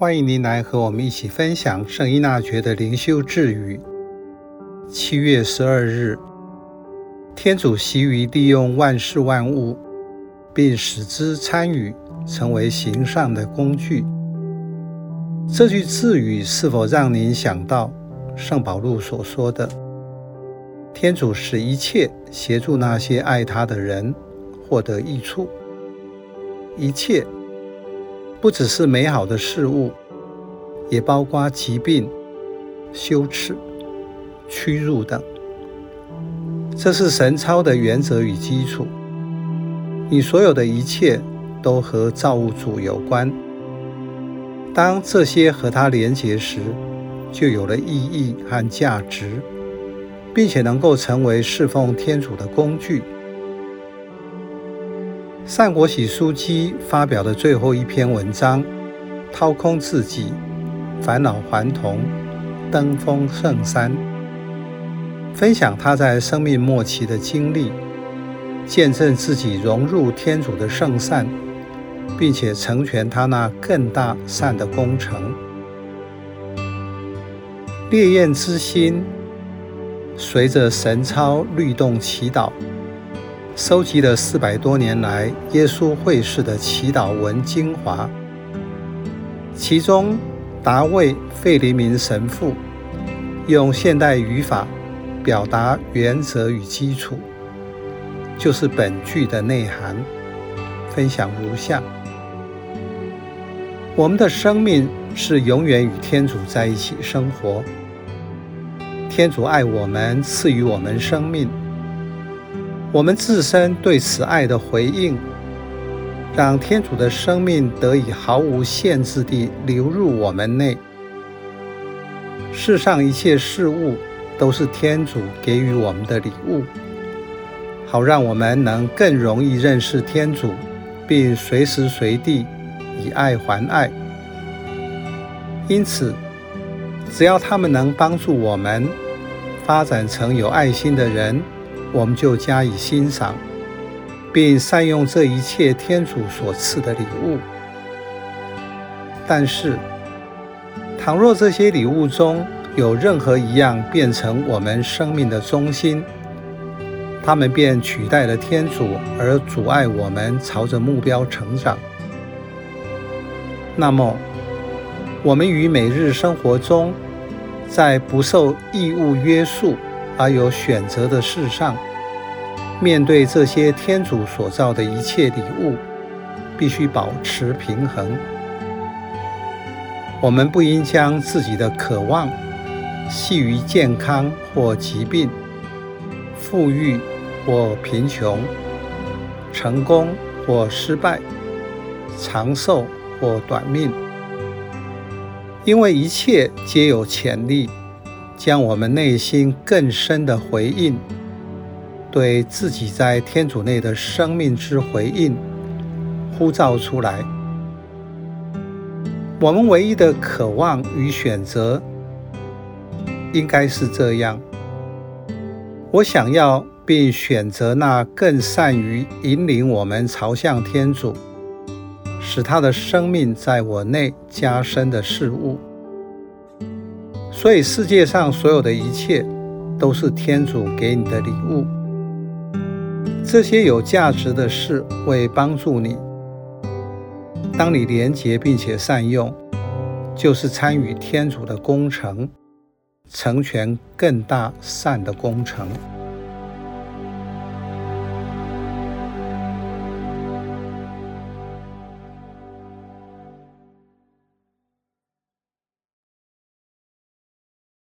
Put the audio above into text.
歡迎您來和我們一起分享聖依納爵的靈修智語。七月十二日，天主習於利用萬事萬物，並使之參與，成為行善的工具。這句智語是否讓您想到聖保祿所說的：“天主使一切協助那些愛他的人獲得益處，一切。”不只是美好的事物，也包括疾病、羞恥、屈辱等。這是神操的原則與基礎。你所有的一切都和造物主有關。當這些和他連結時，就有了意義和價值，並且能夠成為侍奉天主的工具。單國璽樞機發表的最後一篇文章，掏空自己，返老還童，登峰聖山，分享他在生命末期的經歷，見證自己融入天主的聖善，並且成全他那更大善的工程。烈焰之心，隨着神操律動祈禱。收集了四百多年來耶穌會士的祈禱文精華，其中達味費林明神父用現代語法表達原則與基礎，就是本句的內涵。分享如下：我們的生命是永遠與天主在一起生活，天主愛我們，賜予我們生命。我們自身對此愛的回應，讓天主的生命得以毫無限制地流入我們內。世上一切事物都是天主給予我們的禮物，好讓我們能更容易認識天主，並隨時隨地以愛回愛。因此，只要它們能幫助我們發展成有愛心的人。我們就加以欣賞，並善用這一切天主所賜的禮物。但是，倘若這些禮物中有任何一樣變成我們生命的中心，它們便取代了天主，而阻礙我們朝着目標成長。那麼，我們於每日生活中，在不受義務約束。而有選擇的事上，面對這些天主所造的一切禮物，必須保持平衡。我們不應將自己的渴望繫於健康或疾病、富裕或貧窮、成功或失敗、長壽或短命，因為一切皆有潛力。將我們內心更深的回應，對自己在天主內的生命之回應呼召出來。我們唯一的渴望與選擇，應該是這樣：我想要並選擇那更善於引領我們朝向天主，使他的生命在我內加深的事物。所以，世界上所有的一切都是天主給你的禮物。這些有價值的事會幫助你，當你連結並且善用，就是參與天主的工程，成全更大善的工程。